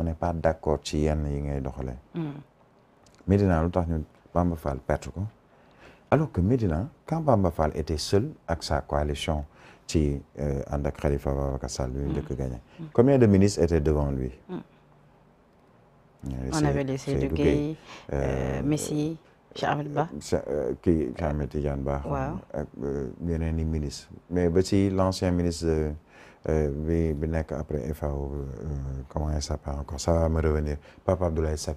on n'est pas d'accord ci yenn yi ngay doxalee. Mm. Médina lu tax ñu Bamba Fall perte ko alors que Médina quand Bamba Fall était seul ak sa coalition ci euh, ànd ak Khalifa Babacar Sall bi mm. njëkk a gagné. Mm. de ministres étaient devant lui. on avait les Seydou Gueye euh, euh, Messi Cheikh Ahmed Ba. kii Cheikh Ahmed Tidiane Ba. waaw ak yeneen i ministres mais ba ci l'ancien ministre. Euh, bi bi nekk après FAO euh, comment il s'appelle encore ça va me revenir Papa Abdoulaye Seck.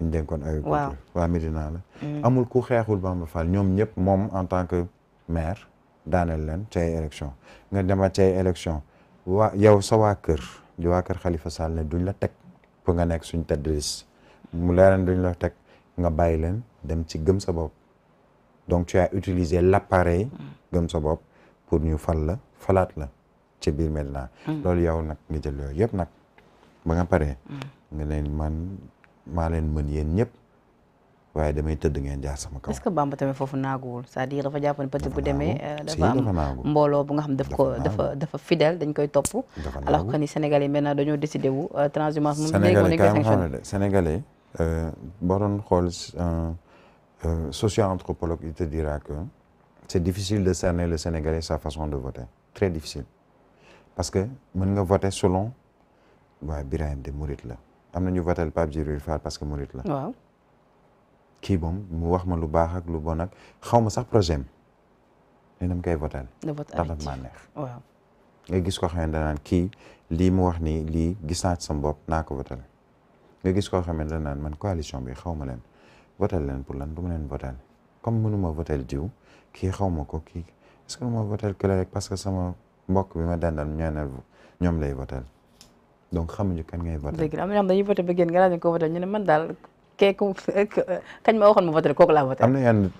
ñu dénkoon agriculture waa Médina la. Mm. amul ku xeexul Bamba Fall ñoom ñëpp moom en tant que maire daaneel leen ci ay nga dema ci ay élection waa yow sa kër di waa kër Khalifa Sall ne duñ la teg pour nga nekk suñ tête de liste mu leeral duñ la teg nga bàyyi leen dem ci gëm sa bopp donc tu as utilisé l'appareil mm. gëm sa bopp pour ñu fal la falaat la. ci biir Medina. Mm. loolu yow nag nga jël yooyu yëpp nag ba nga pare. Mm. nga leen man maa leen mën yéen ñëpp waaye damay tëdd ngeen jaar sama kaw. est-ce que Bamba foofu naaguwul c'est-à-dire dafa jàpp ne peut-être bu demee. Euh, dafa am mbooloo bu nga xam ko dafa dafa fidèle dañ koy topp. dafa naagu alors que ni Sénégalais maintenant dañoo décidé wu euh, transhumance. moom léegi moom dañ koy sanctionné Sénégalais euh, boo doon xool social anthropologue il te dira que c'est difficile de cerner le Sénégalais sa façon de voter très difficile. parce que mën nga voter selon waa Birahim de Mouride la am na ñu votel Pape Djibril Fall parce que Mouride la. waaw kii mu wax ma lu baax ak lu bon xaw ma sax projet am koy votel ndax daf nga gis ko xam ne kii lii mu wax nii lii gis naa ci bopp naa ko votel nga gis koo xam ne naan man coalition bi xaw ma leen votel leen pour lan du ma leen votel comme mënuma votel diw kii xaw ma ko kii est-ce ma votel kële parce que sama. mbokk bi ma dandal ñaanal ñoom lay votal donc xam kan ngay votal. dëgg la am na ñoo xam dañuy voté ba génn nga laaj ñu ko votal ñu ne man daal kee ku kañ ma waxoon ma voté kooku laa voté. am na yenn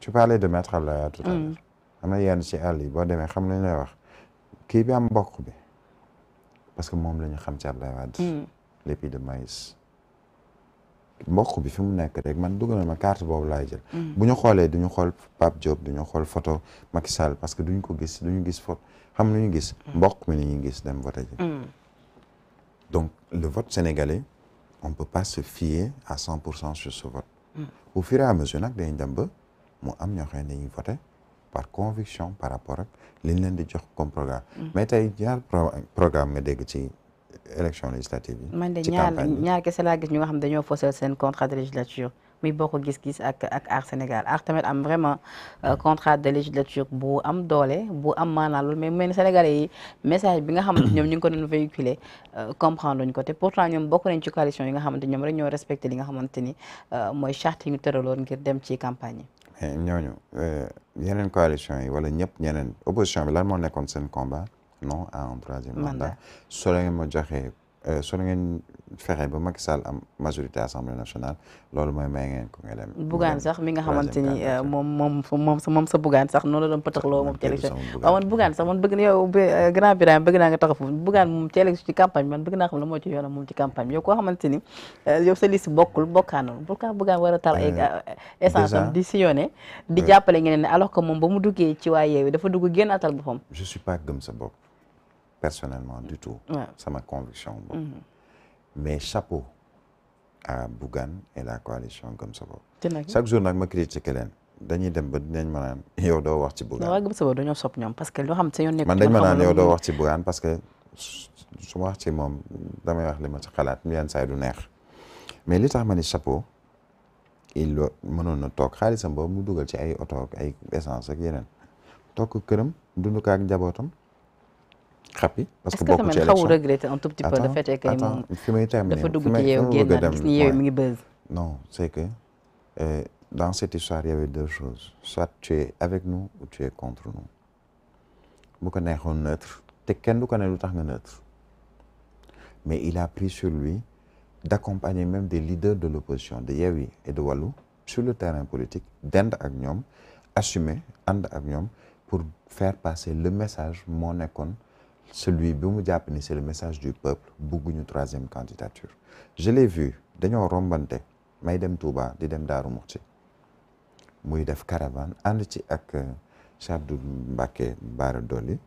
tu parlais de maître Abdoulaye tout à mm. àll yi boo demee xam nañ lay wax kii bi am mbokk bi parce que moom la ñu xam ci Abdoulaye Wade. Mm. l'épi de maïs. mbokk bi fi mu nekk rek man dugal ma carte boobu laay jël. Mm. bu ñu xoolee du ñu xool Pape Diop du ñu xool photo Macky Sall parce que duñ ko gis duñu gis photo xam lu ñu gis. Mm. mbokk mi la ñuy gis dem voté ji. Mm. donc le vote sénégalais on peut pas se à cent pour cent sur ce vote. au fur et nag dañuy dem mu am ñoo xam ne dañuy voté par conviction par rapport ak liñ leen di jox comme programme. mais tey jaar programme nga dégg ci. élection man de ñaar ñaar kese laa gis ñu nga xam dañoo faussé seen contrat de législature muy bokk gis-gis ak ak Sénégal Aar am vraiment euh, contrat de législature bu am doole bu am maanaam loolu mais mel ni yi message bi nga xam ñoom ñu ngi ko doon véhiculer euh, comprendre luñ ko te pourtant ñoom bokk nañ ci coalition yi nga xamante ñoom rek ñoo respecté li nga xamante ni euh, mooy charte yi ñu tëraloon ngir dem ci campagne yi. ñooñu yeneen coalition yi wala ñëpp ñeneen opposition bi moo nekkoon seen combat. non à un solo ngeen ma joxee solo ngeen fexe ba Macky Sall am majorité assemblée nationale loolu mooy ma ngeen ko nga dem sax mi nga xamante ni mom moom moom sa moom sa Bougane sax noonu la doon pëtaxloo moom ci élection waaw man Bougane sax man bëgg na yow grand Birame bëgg naa nga taxaw foofu Bougane campagne man bëgg naa xam la moo ci eh, yoonam moom ci campagne yow koo xamante ni yow sa liste bokkul bokkaanul pourquoi Bougane a tal ay essence di sillonné di jàppale ngeen ne alors que moom ba mu duggee ci waa yeewi dafa dugg génn atal boppam je suis sa bopp personnellement du tout. sama conviction boobu. Mhm. mais chapeau à Bougane et la coalition Gëm Sa Bopp. chaque jour nag ma critiqué leen dañuy dem ba dinañ ma naan doo wax ci Bougane. waaw Gëm dañoo sopp ñoom parce que loo xam te yoon nekk man dañ ma naan yow doo wax ci Bougane parce que su ma moom damay wax li ma ci xalaat yenn saa du neex mais li tax ma ni chapeau. il mënoon na toog xaalisam boobu mu dugal ci ay oto ak ay essence ak yeneen toog këram dund ko ak njabootam xappi parce que bokku ci élection est-ce que xaw regretter un tout petit peu le fait que moom fi may terminer dafa dugg ci yow génn na gis ni yow mi ngi buzz non c'est que euh, dans cette histoire il y avait deux choses soit tu es avec nous ou tu es contre nous bu ko neexoon neutre te kenn du ko ne lu tax nga neutre mais il a pris sur lui d'accompagner même des leaders de l'opposition de Yewwi et de Wallu sur le terrain politique dend ak ñoom assumer ànd ak ñoom pour faire passer le message moo nekkoon celui bi mu jàpp ni c'est le message du peuple bugguñu troisième candidature je l'ai vu dañoo rombante may dem Touba di dem Daaru Muxti muy def caravane ànd ci ak euh, Cheikh Abdou Mbacké Bara Dolly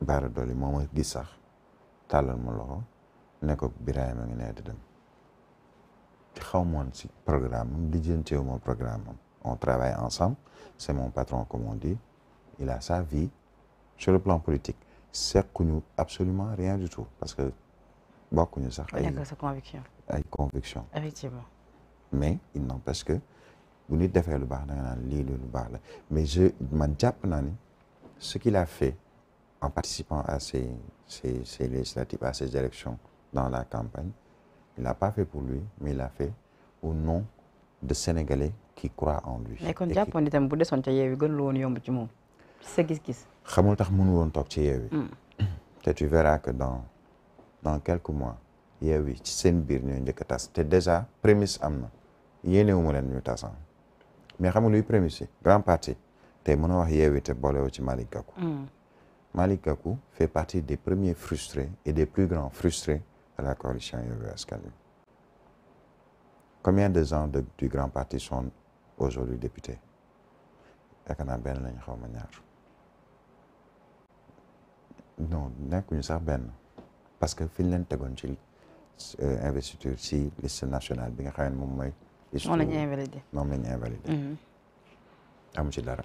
Bara Dolly moo ma gis sax tàllal ma loxo ne ko Birahima ngi nee di dem xaw moon si programme am lijjanteewu ma programme am on travaille ensemble c'est mon patron comme on dit il sur le plan politique sequñu absolument rien du tout parce que bokkuñu sax ay conviction ay conviction effectivement mais il parce que bu nit defee lu baax da nga naan lii lu baax la mais je man jàpp naa ni ce qu'il a fait en participant à ces ces ces législatives à ces élections dans la campagne il l'a pas fait pour lui mais il l'a fait au nom de Sénégalais qui croient en lui. mais kon jàppoon itam bu desoon ca yeewi gën woon yomb ci moom. sa gis-gis. tax mënu woon toog ci Yewwi. Mm. te tu verras que dans dans quelques mois Yewwi ci seen biir ñooy njëkk a tas te déjà prémisse am na yéenewu ma leen ñu tasan mais xam nga luy prémisse yi grand parti tey mën a wax Yewwi te boolewoo ci Malick Gakou. Mm. Malick Gakou fait partie des premiers frustrés et des plus grands frustrés de la coalition Yewwi Askan Wi. combien de gens de, du grand parti sont aujourd'hui députés yaakaar naa benn lañ xaw ma ñaar. non nekkuñu sax benn parce que fi ñu leen tegoon ci euh, investiture si liste nationale bi nga xam ne moom mooy. liste moom la ñu invalidé moom la ñu invalidé. Mhm. amu ci dara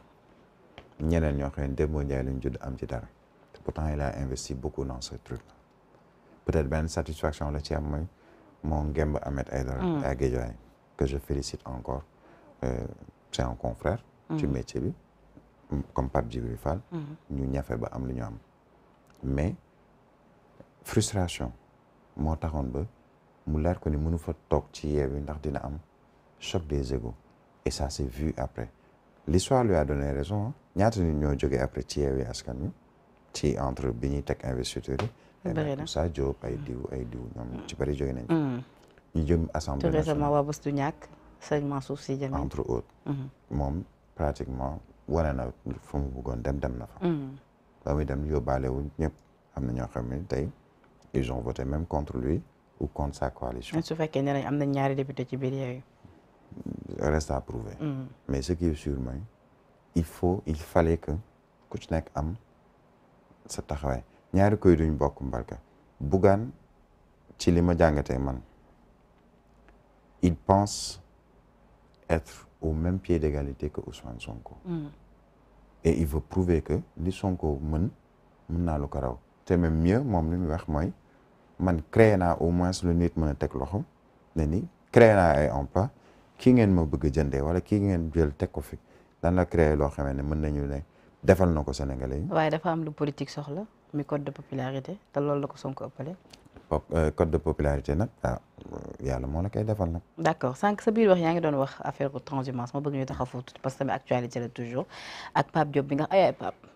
ñeneen ñoo xam ne Demba Ndiaye lañ judd am ci dara te pourtant il investi beaucoup dans peut-être benn satisfaction la ci am mooy moo ngemb Ahmed Aïdara. Mhm. à Guédiawaye que je félicite encore euh, c'est un confrère. ci mhm. métier bi comme Pape Djibril Fall. ñu ñafe ba am lu ñu am. mais frustration moo taxoon ba mu leer ko ni mënu fa toog ci yeewi ndax dina am choc des égos et ça s'est vu après l'histoire lui a donné raison ñaata nit ñoo jógee après ci yeewi askan wi ci entre bi ñuy teg investiture yi bëri na Moussa Diop ay diw ay diw ñoom ci bëri jóge nañ mm. ñu jëm assemblée nationale wabus du ñàkk sëñ Mansour entre autres mm-hmm. moom pratiquement wane fu mu bëggoon dem dem na fa mm. loolu itam yóbbaale wul ñëpp am na ñoo xam ne tey ils ont voté même contre lui ou contre sa coalition. su fekkee ne am na ñaari député ci biir yooyu. reste à prouver. Mm. mais ce qui est sûr il faut il fallait que ku ci nekk am sa taxawaay ñaari koy duñ bokk mbarka Bougane ci li ma jàngatee man il pense être au même pied d'égalité que Ousmane Sonko. Mm. et il veut prouver que li Sonko mën mun naa lu ko raw te même mieux moom li muy wax mooy man créer naa au moins lu nit mën teg loxo ne ni créé naa ay pa kii ngeen ma bëgg a jëndee wala kii ngeen jël teg ko fi dan la créé loo xamee ne mën na nañu ne defal na ko Sénégalais yi. waaye dafa am lu politique soxla mi code de popularité te loolu la ko Sonko ëppale. Euh, code de popularité nag waaw euh, yàlla moo la koy defal nag. d' accord sànq sa biir wax yaa ngi doon wax affaire transhumance ma bëgg ñu taxaw foofu tuuti parce que tamit actualité la toujours ak Pape Diop bi nga ay ay Pape.